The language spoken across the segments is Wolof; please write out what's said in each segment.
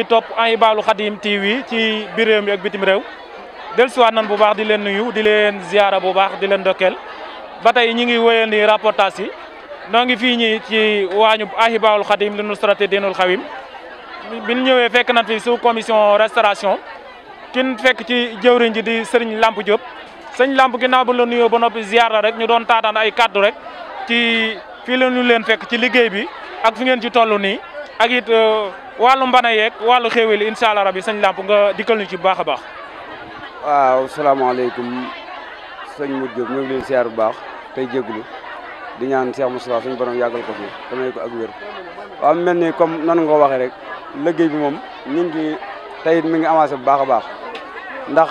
ñuy topp Ahibahil Khadim TV ci biir réew ak bitim réew dellusiwaat nan bu baax di leen nuyu di leen ziara bu baax di leen ndokkeel ba tey ñi ngi wéyal ni rapportage yi noo ngi fii ñi ci waañu Ahibahil Khadim li nusrati dinul xawim bi ñu ñëwee fekk na fi sous commission restauration kin fekk ci jëwriñ ji di sëriñ Lamp Diop sëñ Lamp ginnaaw bu la nuyoo ba noppi ziara rek ñu doon taataan ay kaddu rek ci fii la ñu leen fekk ci liggéey bi ak fi ngeen ci toll nii wàllu mbana yeeg wàllu xéewal yi incha allah sañ sëñ Lamp nga dikkal ñu ci bu baax a baax. waaw salaamaaleykum sëñ Modou Diop ñu ngi siyaar bu baax tey jégalu di ñaan Cheikh Moustapha suñu borom yàggal ko fi damay ko ak wér. waaw mel ni comme nan nga ko waxee rek liggéey bi moom ñu ngi tey mi ngi avancé bu baax a baax ndax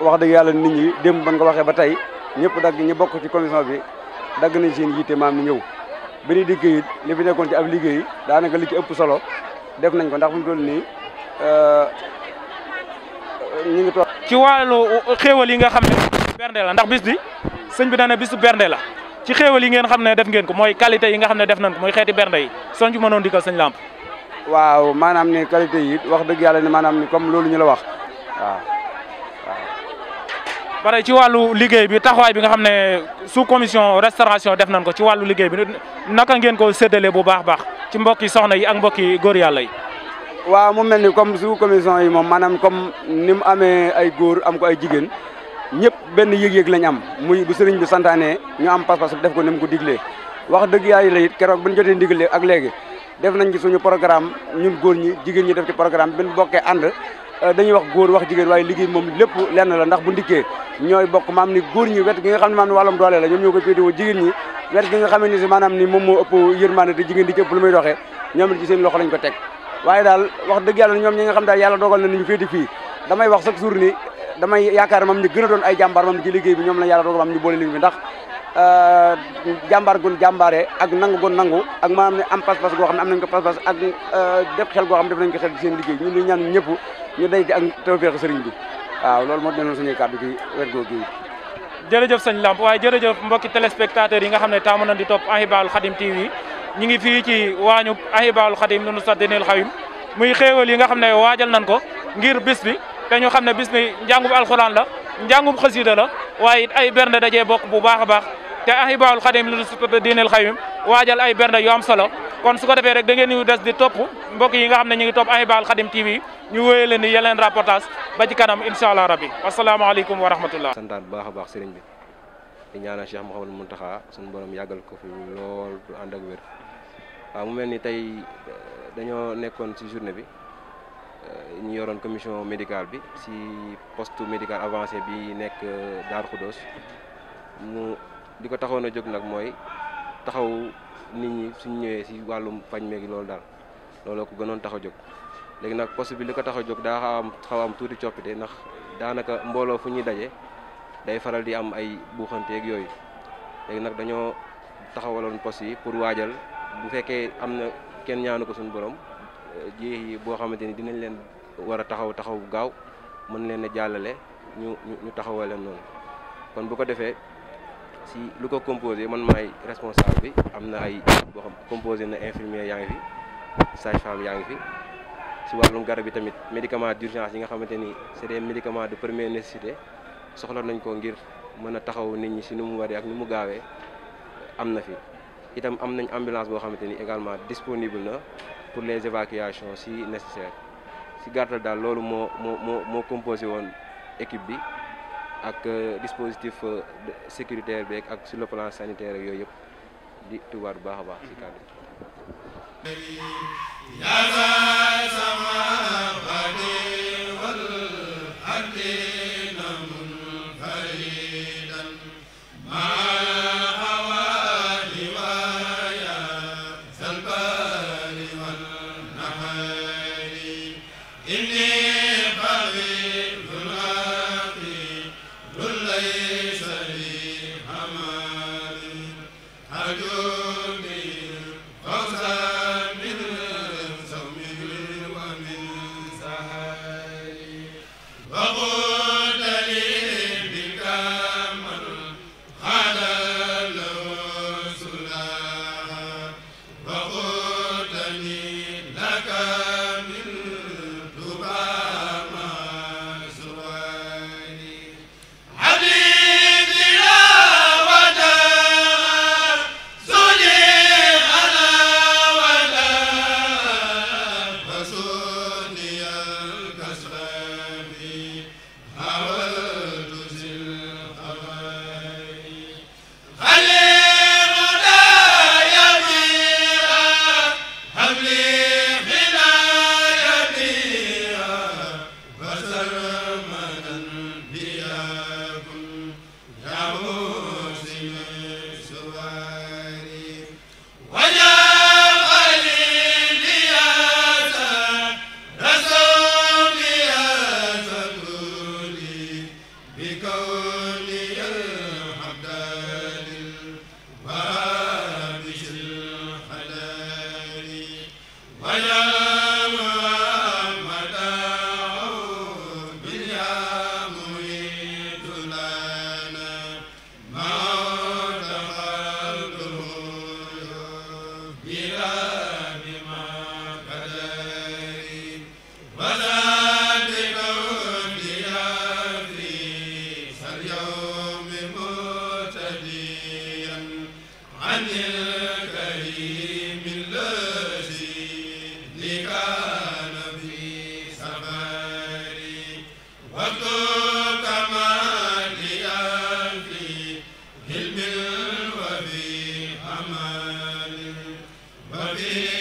wax dëgg yàlla nit ñi démb ban ko waxee ba tey ñëpp dagg ñi bokk ci commission bi dagg nañ seen yitte maam ñëw bi ñuy liggéey it li ci ab liggéey daanaka li ci ëpp solo. def nañ ko ndax fi mu toll nii euh, ñu ci wàllu xéewal yi nga xam ne bernde la ndax bis bi sëñ bi daan ne bisu bernde la ci xéewal yi ngeen xam ne def ngeen ko mooy qualité yi nga xam ne def nañ ko mooy xeeti bernde yi soo ñu mënoon digal sëñ Lamp. waaw maanaam ne qualité yi wax dëgg yàlla ne maanaam ni comme loolu ñu la wax waaw. ba ci wàllu liggéey bi taxawaay bi nga xam ne su commission restauration def nañ ko ci wàllu liggéey bi naka ngeen ko séddale bu baax baax ci mbokki soxna yi ak mbokki góor yàllay waaw mu mel ni comme sous commission yi moom maanaam comme ni mu amee ay góor am ko ay jigéen ñëpp benn yëg-yëg lañ am muy bu sëriñ bi santaane ñu am pas-pas def ko ni mu ko diglee wax dëgg yaay la it keroog bu ñu jotee ndigal ak léegi def nañ ci suñu programme ñun góor ñi jigéen ñi def ci programme bi ñu bokkee Euh, dañuy wax góor wax jigéen waaye liggéey moom lépp lenn la ndax bu ndikkee ñooy bokk maam ni góor ñi wet gi nga xam ne ni si ni moom moo ëpp yërmande te jigéen di ci ëpp lu muy doxee ñoom it ci seen loxo ko teg waaye daal wax dëgg yàlla ñoom ñi nga xam daal yàlla dogal na ni ñu féeti fii damay wax chaque jour ni damay yaakaar moom ñu gën a doon ay jàmbaar moom ci ñu boole liñ bi ndax Euh, jàmbaar gun jàmbaare ak nangu gun nangu ak maanaam ne am pas-pas goo xam ne am nañ ko pas-pas ak euh, def xel goo xam ne def nañ ko xel ci seen liggéey ñun ñu ñaan ñëpp ñu day di ak tawfeex sëriñ bi waaw loolu moo denoon suñuy kàddu gi wergoo gi jërëjëf sëñ Lamp waaye jërëjëf mbokki téléspectateurs yi nga xam ne taamu nañ di topp Ahibahil Khadim TV ñi ngi fii ci waañu Ahibahil Khadim lunu saddinil xawim muy xéewal yi nga xam ne waajal nañ ko ngir bis bi te ñu xam ne bis bi njàngub alxuraan la njàngub xasida la waaye ay bernde dajee bokk bu baax a baax te ahibaawul xadim lu supporté diineel xayim waajal ay bernde yu am solo kon su ko defee rek da ngeen ñu des di topp mbokk yi nga xam ne ñu ngi topp ahibaawul xadim TV ñu wéyee leen di yeneen rapportage ba ci kanam incha allah rabbi wasalaamaaleykum wa rahmatullah. santaat bu baax a baax sëriñ bi di ñaanal Cheikh Mouhamadou Mountakha suñu borom yàggal ko fi lool du ànd ak wér waaw mu mel ni tey euh, dañoo nekkoon ci journée bi euh, ñu yoroon commission médical bi si poste médical avancé bi nekk euh, Darou Khoudoss di ko taxoon a jóg nag mooy taxaw nit ñi suñ ñëwee si wàllum pañ meegi loolu daal looloo ko gënoon tax a jóg léegi nag poste bi li ko tax a jóg daa xaw am xaw am tuuti coppite ndax daanaka mbooloo fu ñuy daje day faral di am ay buuxanteeg yooyu léegi nag dañoo taxawaloon poste yi pour waajal bu fekkee am na kenn ñaanu ko suñu borom jiix yi boo xamante ni dinañ leen war a taxaw taxaw bu gaaw mën leen jàllale ñu ñu taxawal leen noonu kon bu ko defee si lu ko composé man maay responsable bi am na ay boo composé na infirmier yaa ngi fi sage femme yaa ngi fi si wàllum garab yi tamit médicament d'urgence yi nga xamante ni c'est des médicaments de première nécessité soxla nañ ko ngir mën a taxaw nit ñi si nu mu waree ak nu mu gaawee am na fi itam am nañ ambulance boo xamante ni également disponible na pour les évacuations si nécessaire si gàttal daal loolu moo moo moo moo composé woon équipe bi ak euh, dispositif euh, sécuritaire beeg ak sur le plan sanitaire ak yooyu yëpp di tubaat bu baax a baax ci kàddu bi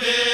bi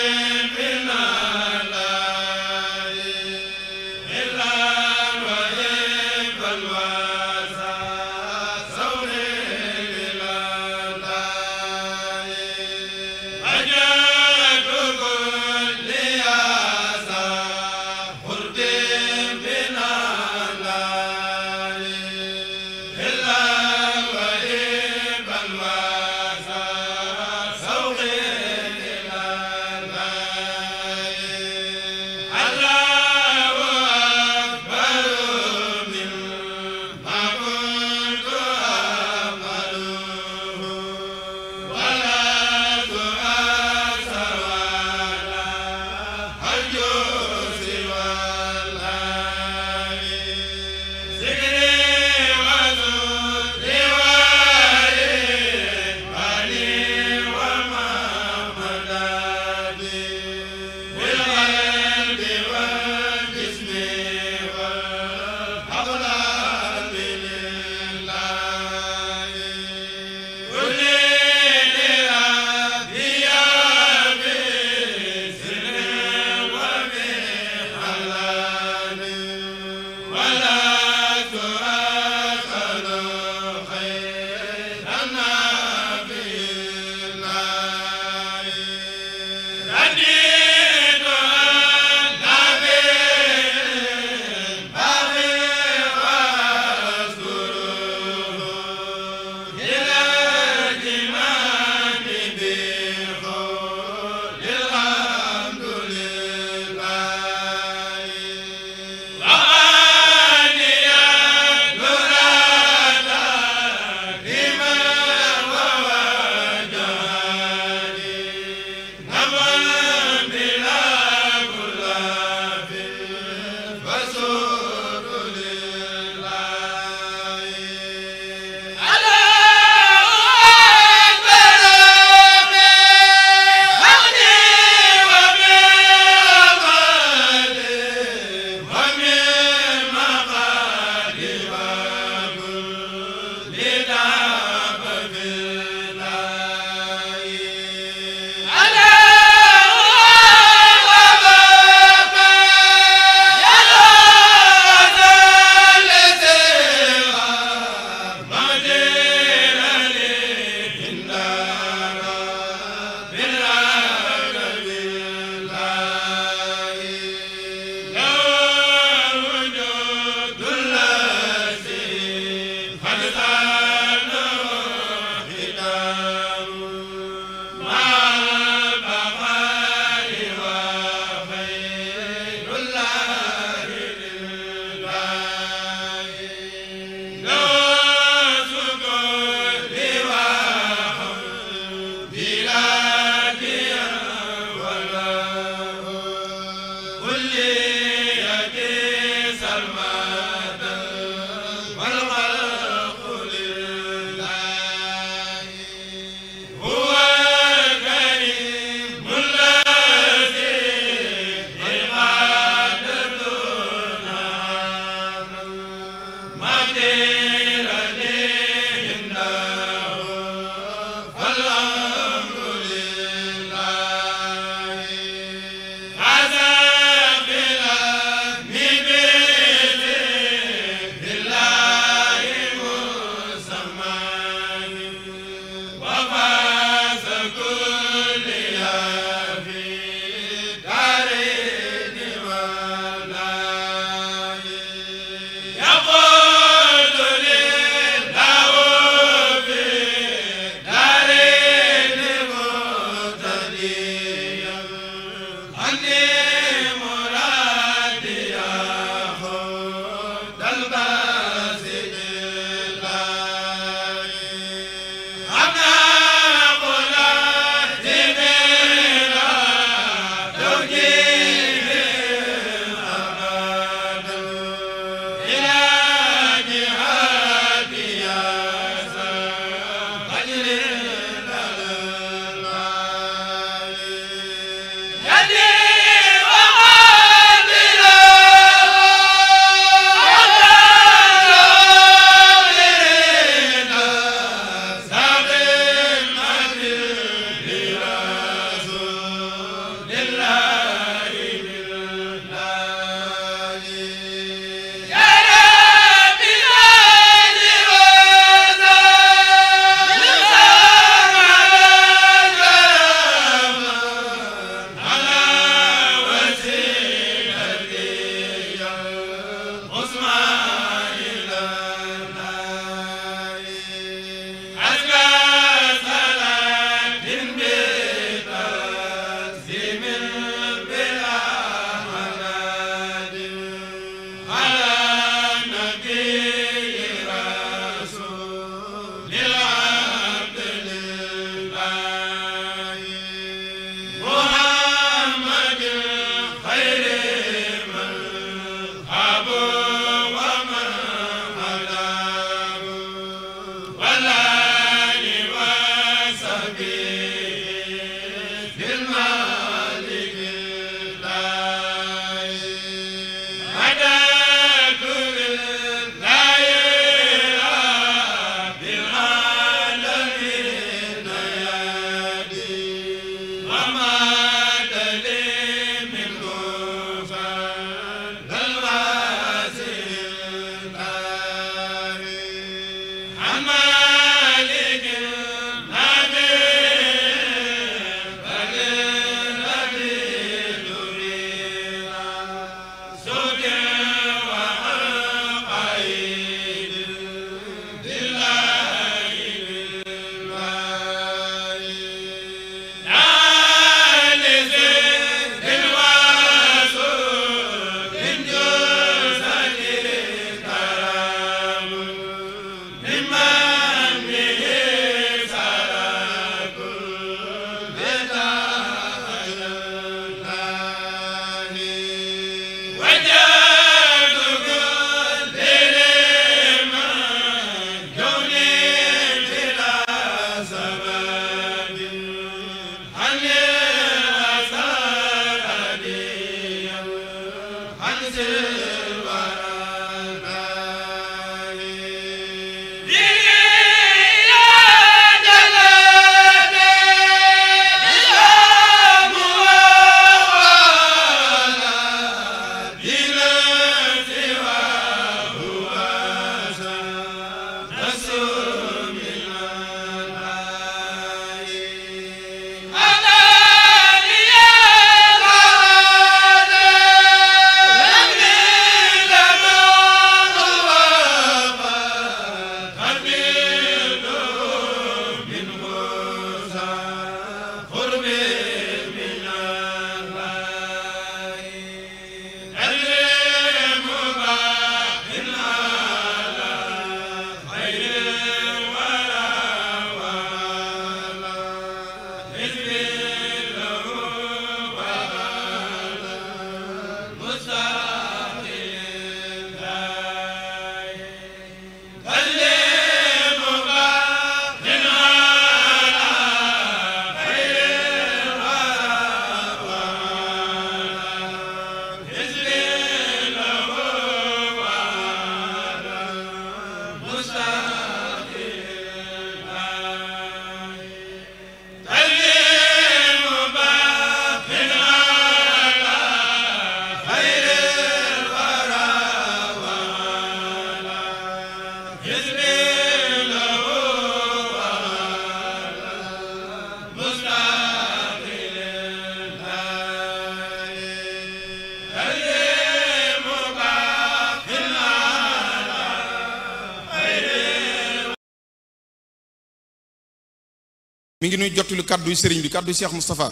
mi ngi nuy jottali kàddu sëriñ bi kàddu Cheikh Moustapha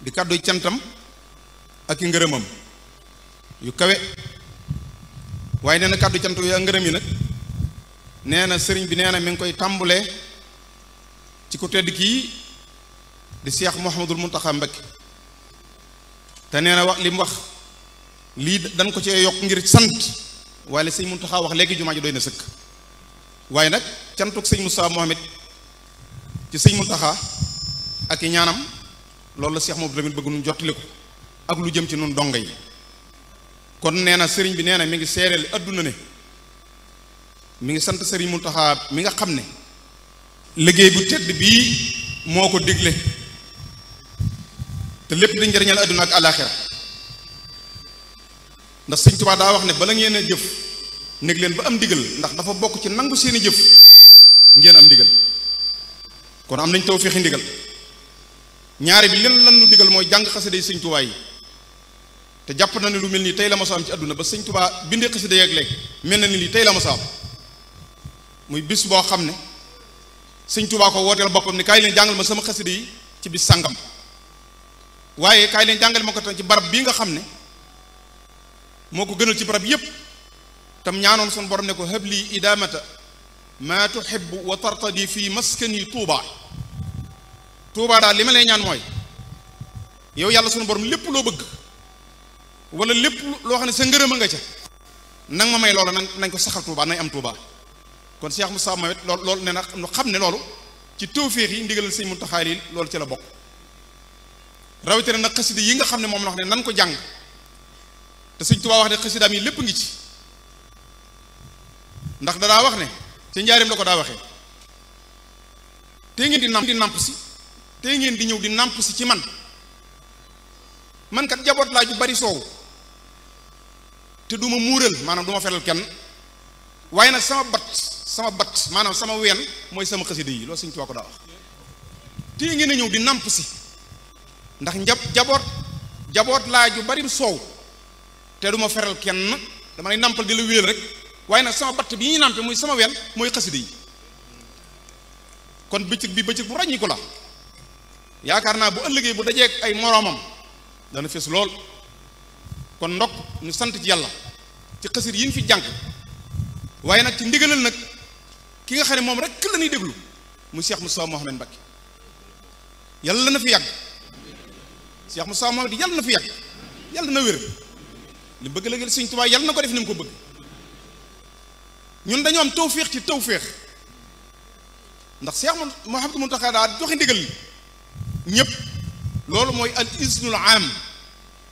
di kàddu cantam ak i ngërëmam yu kawe waaye nee na kàddu cant yu ak ngërëm yi nag nee na sëriñ bi nee na mi ngi koy tàmbulee ci ku tedd kii di Cheikh Mouhamadul Mountakha Mbacké te nee na wax li mu wax lii dan ko cee yokk ngir sant waaye sëñ Mountakha wax léegi jumaa ji doy na sëkk waaye nag cantuk sëñ Moustapha Mohamed ci sëñ taxaa ak i ñaanam loolu la Seex Moodu Lamin bëgg nu jottali ko ak lu jëm ci nun donga yi kon nee na sëriñ bi nee na mi ngi seereel adduna ne mi ngi sant sëriñ taxaa mi nga xam ne liggéey bu tedd bii moo ko digle te lépp di njëriñal adduna ak àllaaxira ndax sëñ Tuubaa daa wax ne bala ngeen a jëf néeg leen ba am ndigal ndax dafa bokk ci nangu seeni jëf ngeen am ndigal kon am nañ taw fexi ndigal ñaare bi len la lu digal mooy jàng xasida yi sëñ tubaa yi te jàpp na ne lu mel nii tey la ma am ci àdduna ba sëñ tubaa bind xasida yeeg léegi mel na ni lii tey la ma sa am muy bis boo xam ne sëñ tubaa ko wooteel boppam ne kaay leen jàngal ma sama xasida yi ci bis sàngam waaye kaay leen jàngal ma ko tam ci barab bii nga xam ne moo ko gënal ci barab yépp tam ñaanoon sun borom ne ko hëb lii idaamata maa tuhibbu wa tartadi fii maskani Touba daal li ma lay ñaan mooy yow yàlla sunu borom lépp loo bëgg wala lépp loo xam ne sa ngërëm a nga ca nang ma may loola nañ ko saxal Touba nañ am Touba kon Cheikh Moussa Mawet lool loolu ne na nu xam ne loolu ci tawféex yi ndigalal sëñ mu yi loolu ci la bokk rawatina nag xasida yi nga xam ne moom la wax ne nan ko jàng te sëñ Touba wax ne xasidaam yi lépp ngi ci ndax dadaa wax ne ci njaareem la ko daa waxee te ngeen di namp di namp si tey ngeen di ñëw di nàmp si ci man mankat kat jaboot laa ju bari soow te duma muural maanaam du ma feral kenn waaye nag sama bat sama bat maanaam sama ween mooy sama xasida yi loolu suñu tuwaa ko daa wax tey ngeen a ñëw di nàmp si ndax njab jaboot jaboot laa ju bari soow te du ma feral kenn dama lay nàmpal di la wéel rek waaye nag sama batt bi ñuy nàmpe mooy sama ween mooy xasida yi kon bëccëg bi bëccëg bu ràññi la yaakaar naa bu ëllëgee bu dajee ay moroomam dana fees lool kon ndokk ñu sant ci yàlla ci xasir yi fi jànq waaye nag ci ndigalal nag ki nga xam ne moom rek la ñuy déglu mu Cheikh Moussa Mouhamed Mbacké yàlla na fi yàgg mu Moussa Mouhamed yàlla na fi yàgg yàlla na wér li bëgg la Sëñ Tuubaa yàlla na ko def ni mu ko bëgg ñun dañoo am tawféex ci tawféex ndax Cheikh Mouhamed Mountakha daa joxe ndigal li ñépp loolu mooy al isnul am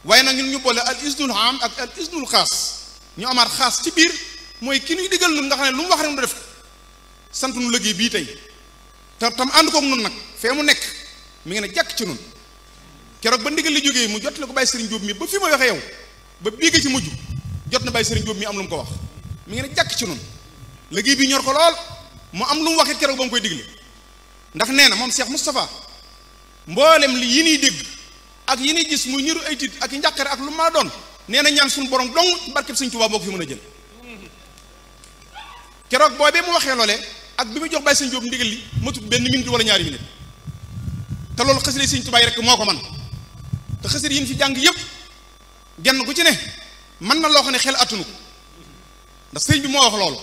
waaye nag ñun ñu boole al isnul am ak al isnul xaas ñu amaat xaas ci biir mooy ki ñuy digal nun nga xam ne lu mu wax rek mu def sant nu liggéey bii tey te tam ànd koog nun nag fee mu nekk mi ngi ne jàkk ci nun keroog ba ndigal li jógee mu jot la ko bàyyi sëriñ Jóob mi ba fi ma waxee yow ba bii nga ci mujj jot na bàyyi sëriñ Jóob mi am lu mu ko wax mi ngi ne jàkk ci nun liggéey bi ñor ko lool mu am lu mu waxit keroog ba mu koy digle ndax nee na moom Cheikh Moustapha mboolem li yi ñuy dégg ak yi ñuy gis muy niru ay tiit ak njàqare ak lu ma doon nee na ñaan suñu borom dong barkeb sëñ Tuubaa moo ko fi mën a jël keroog boobee mu waxee loole ak bi mu jox bàyyi sëñ Jóob ndigal li matut benn minute wala ñaari minute te loolu xasida sëñ Tuubaa yi rek moo ko man te xasida yi ñu fi jàng yëpp genn ku ci ne mën na loo xam ne xel attunu ko ndax sëñ bi moo wax loolu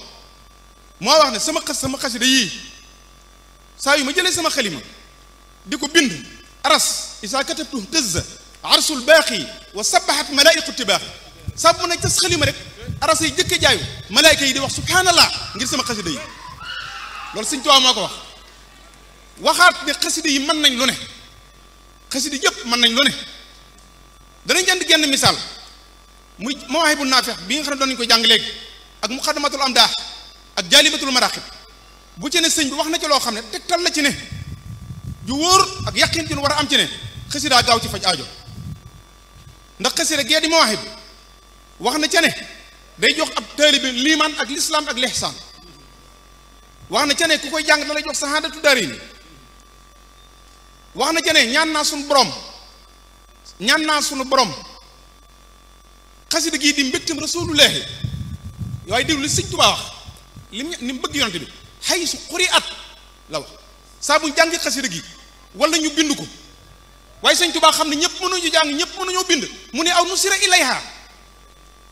moo wax ne sama xas sama xasida yii saa yu ma jëlee sama xalima di ko bind aras isa katabtu tëzza arsul baaxi wa sabaxat malaa'iqu tibaaxi saa bu ne tas xalima rek aras yi jëkk jaayu malaayka yi di wax subhaanallah ngir sama xasida yi loolu sëñ Tuubaa moo ko wax waxaat ne xasida yi mën nañ lu ne xasida yëpp mën nañ lu ne danañ jënd genn misaal muy mawaahibu naafeex bi nga xam ne doon nañu ko jàng léegi ak muqaddamatul amdaax ak jaalibatul maraaxib bu ci ne sëñ bi wax na ci loo xam ne tegtal la ci ne ju wóor ak yaqin ju war a am ci ne xasida gaaw ci faj aajo ndax xasida gee di mawahib wax na ca ne day jox ab taalibi liimaan ak lislaam ak lihsaan wax na ca ne ku koy jàng da lay jox sahaadatu darini wax na ca ne ñaan naa sunu borom ñaan naa sunu borom xasida gii di mbégtam rasulullahi waaye déglu li sëñ Tuubaa wax lim ni mu bëgg yonante bi xay su xuri at la wax saa bu jàngi xasida gi wala ñu bind ko waaye sëñ Tuubaa xam ne ñëpp mënuñu jàng ñëpp mënuñoo bind mu ne aw nu sira ilayha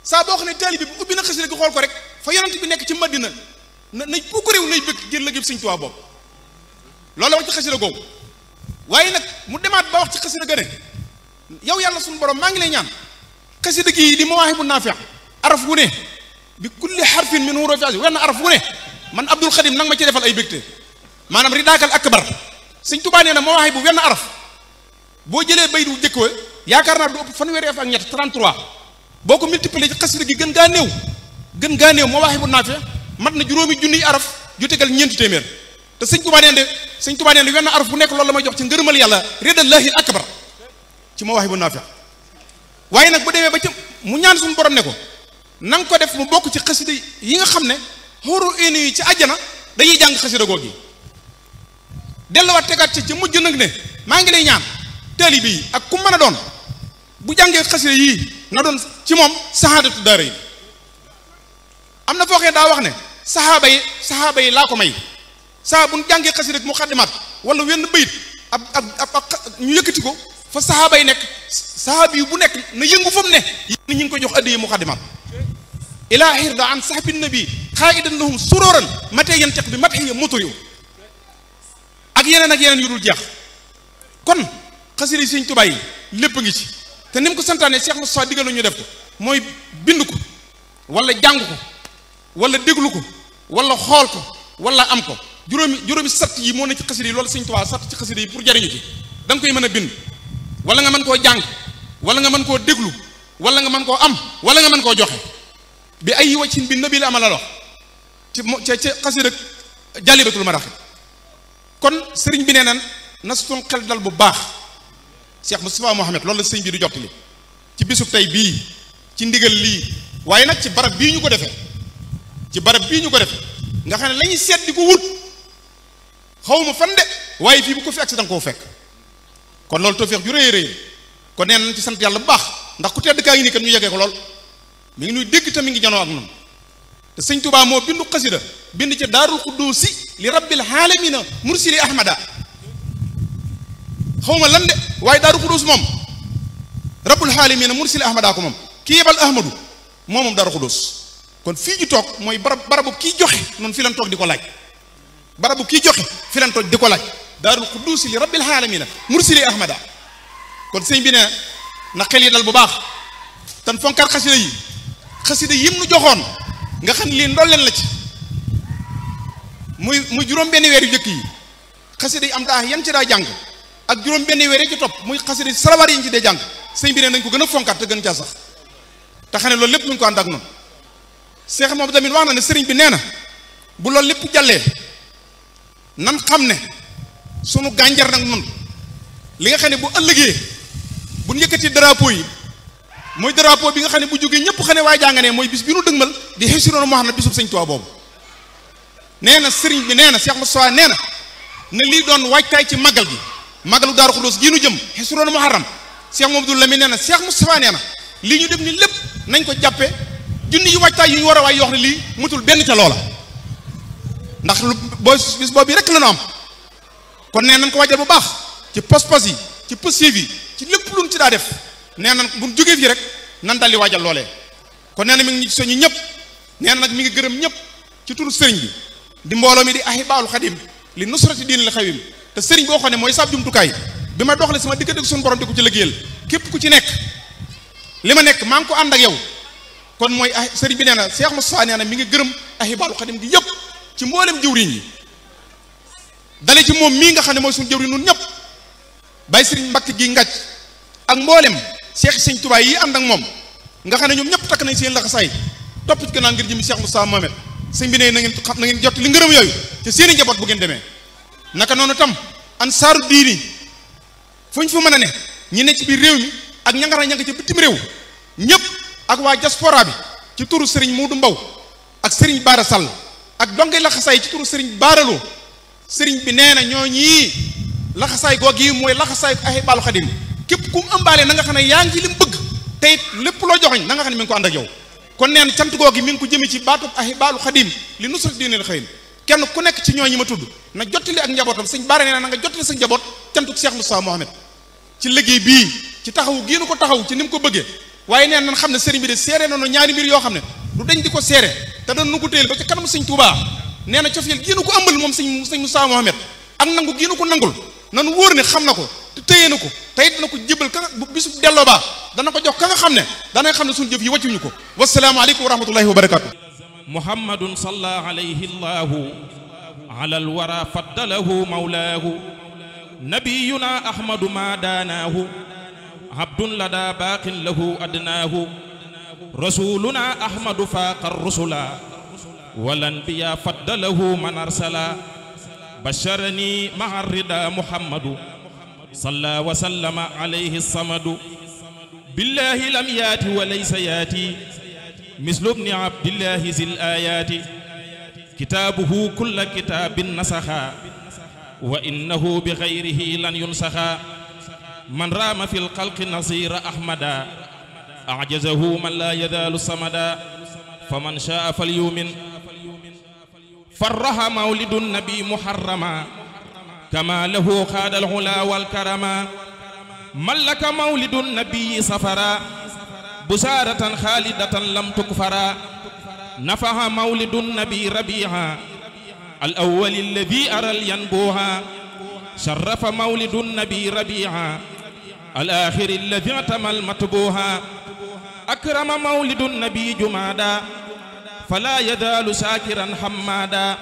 saa boo xam ne taalibe bi ubbi na xasida gi xool ko rek fa yonent bi nekk ci Madina na nañ bu ko réew nay bëgg ngir liggéey sëñ loolu wax ci xasida googu waaye nag mu demaat ba ci xasida ga ne yow yàlla suñu borom maa ngi lay ñaan xasida gi di mawaahibu naafi' araf wu ne bi kulli harfin min hurufi wenn araf wu ne man Abdul Xadim nag ma ci defal ay bégte maanaam ridaakal akbar sëñ tubaa nee na moo waxee bu wenn araf boo jëlee bayt bu jëkk wa yaakaar naa du ëpp fanweeri af ak ñett 33 boo ko multiplier ci xasida gi gën gaa néew gën gaa néew moo waxee bu naafe mat na juróomi junniy araf ju tegal ñeenti téeméer te sëñ tubaa nee na sëñ tubaa nee na wenn araf bu nekk loolu ma jox ci ngërëmal yàlla ridallaahil akbar ci moo waxee bu naafe waaye nag bu demee ba ca mu ñaan suñu borom ne ko na nga ko def mu bokk ci xasida yi nga xam ne xóoru éni yi ci àjjana dañuy jàng xasida googu delluwaat tegaat ci ci mujj nag ne maa ngi lay ñaan taalibe yi ak ku mën a doon bu jàngee xasida yi na doon ci moom saxaadatu daara yi am na foo xee daa wax ne saxaaba yi saxaaba yi laa ko may saa bu ñu jàngee xasida mu xaddimaat wala wenn bayit ab ab ab ñu yëkkati ko fa saxaaba yi nekk saxaaba yi bu nekk na yëngu fa mu ne yéen ñu ngi ko jox addiya mu xaddimaat ilaa xirda an saxbi nabi xaa idan lahum suróoran matee yantiq bi mat xiya motori ak yeneen ak yeneen yu dul jeex kon xasida yi sëñ Tuubaa yi lépp ngi ci te ni mu ko santaane Cheikh Moustapha diggalu ñu def ko mooy bind ko wala jàng ko wala déglu ko wala xool ko wala am ko juróomi juróomi sart yi moo ne ci xasida yi loolu sëñ Tuubaa sart ci xasida yi pour jariñu ci da koy mën a bind wala nga mën koo jàng wala nga mën koo déglu wala nga mën koo am wala nga man koo joxe bi ay wàccin bi nabi la amal la lox ci ci xasida Jaalibatul Maraaxib kon sëriñ bi nee na suñu xel dal bu baax Cheikh Moustapha Mohamed loolu la sëriñ bi du jottali ci bisu tey bii ci ndigal lii waaye nag ci barab bii ñu ko defee ci barab bii ñu ko defee nga xam ne la ñuy seet di ko wut xawma fan de waaye fii bu ko fi accident koo fekk kon loolu tawfeex ju rëy rëy kon nee nañ ci sant yàlla bu baax ndax ku tedd kaa ngi nii kat ñu yeggee ko lool mu ngi nuy dégg te mi ngi janoo ak noonu te sëñ Tuubaa moo bindu xasida bind ci daarul xudduusi li rabbil aalamiina mursili ahmada xawma lan de waaye daarul xudduus moom rabbul aalamiina mursili ahmada ko moom kii yebal ahmadu moo moom daarul xudduus kon fii toog mooy barab barabu kii joxe noonu fi lan toog di ko laaj barabu kii joxe fi di ko laaj daarul xudduusi li rabbil aalamiina mursili ahmada kon sëñ bi na xel yi dal bu baax tan fonkaat xasida yi xasida yim nu joxoon nga xam lii ndolleen la ci muy muy juróom-benn weer yu njëkk yi xasida yi am taax yan ci daa jàng ak juróom-benn weer yi ci topp muy xasida salawaar yi ñu ci dee jàng sëñ bi ne nañ ko gën a fonkaat te gën caa sax te xam ne loolu lépp ñu ko ànd ak noonu seex moom tamit wax na ne sëriñ bi nee na bu loolu lépp jàllee nan xam ne sunu gànjar nag noonu li nga xam ne bu ëllëgee bu ñu yëkkati drapeau yi. mooy drapeau bi nga xam ne bu jógee ñëpp xam ne waaye jàng ne mooy bis bi nu dëgmal di xesiroon moo xam ne bisub sëñ Tuubaa boobu nee na sëriñ bi nee na Cheikh Moustapha nee na na lii doon waajtaay ci magal gi magalu Daaru Xudoos gii nu jëm xesiroon muharram Cheikh Mamadou Lamine nee na Cheikh Moustapha nee na ñu dem ni lépp nañ ko jàppe junni yu waajtaay yu ñu war a waay yoo lii mutul benn ca loola ndax lu boo bis boobu rek la nu am kon nee nañ ko waajal bu baax ci pos pos yi ci positif yi ci lépp luñ ci daa def nee na bu jógee fii rek nan daldi waajal loole kon nee na mi ngi soñu ñëpp nee na nag mi ngi gërëm ñëpp ci turu sëriñ bi di mbooloo mi di ahibaalu xadim li nusrati diinil xawim te sëriñ boo xam ne mooy sab jumtukaay bi ma doxale sama diggante ak suñu borom di ko ci liggéeyal képp ku ci nekk li ma nekk maa ko ànd yow kon mooy ah sëriñ bi nee na Cheikh Moussa nee na mi ngi gërëm ahibaalu xadim gi yëpp ci mboolem jëwriñ yi dale ci moom mii nga xam ne mooy suñu jëwriñ nun ñëpp bàyyi sëriñ mbakk gi ngàcc ak mboolem seex sëñ Tuubaa yi ànd ak moom nga xam ne ñoom ñëpp takk nañ seen laxasaay topp ci gannaaw ngir jëm Seex Mustafaa Mohamed sëñ bi ne na ngeen xam na ngeen jot li ngërëm yooyu te seen i njaboot bu ngeen demee naka noonu tam an ansaaru diini fu ñu fa mën a ne ñu ne ci biir réew mi ak ña nga xam ne ña nga ca bitim réew ñëpp ak waa diaspora bi ci turu Serigne Modou Mbaw ak Serigne Baara Sall ak donge laxasaay ci turu Serigne Baaraloo Serigne bi nee na ñoo ñii laxasaay googu yi mooy laxasaay ko ay yépp ku mu ëmbaale na nga xam ne yaa ngi li mu bëgg te it lépp loo joxoñ na nga xam ne mi ngi ko ànd ak yow kon neen cant googi mi ku nekk ci ñooñi ma tudd na jottali ak njabootam sëñ baara nee na nga jottali sa njaboot cantuk Cheikh Moustapha Mohamed ci liggéey bii ci taxaw génn ko taxaw ci ni mu ko bëggee waaye nee nan xam ne sëriñ bi de seere na ñaari mbir yoo xam ne du dañ ko seere te doon nu ko téyel ba ci kanam sëñ nee na cofeel génn ko ëmbal moom sëñ sëñ Moustapha Mohamed ak nangu génn ko nangul nan wóor ne xam na ko téye na ko tey dana ko jébal ka bu bisu delloo baa dana ko jox ka nga xam ne dana xam ne suñu jëf yi wàccuñu ko wasalaamualeykum wa rahmatullahi wa barakatu muhammadun salla alayhi llahu ala alwara faddalahu mawlaahu nabiyuna ahmadu ma daanaahu abdun lada baaqin lahu adnaahu rasuluna ahmadu faaqa rusula walanbiya faddalahu man arsala basharani maa rida muhammadu صلى وسلم عليه الصمد بالله لم يات وليس ياتي مثل ابن عبد الله ذي الآيات كتابه كل كتاب نسخا وإنه بغيره لن ينسخا من رام في القلق نصير أحمدا أعجزه من لا يزال صمدا فمن شاء فليؤمن فرح مولد النبي محرما كما له خاد العلا والكرما ملك مولد النبي سفرا بشارة خالدة لم تكفرا نفع مولد النبي ربيعا الأول الذي أرى الينبوها شرف مولد النبي ربيعا الآخر الذي اعتمى المتبوها أكرم مولد النبي جمادا فلا يزال شاكرا حمادا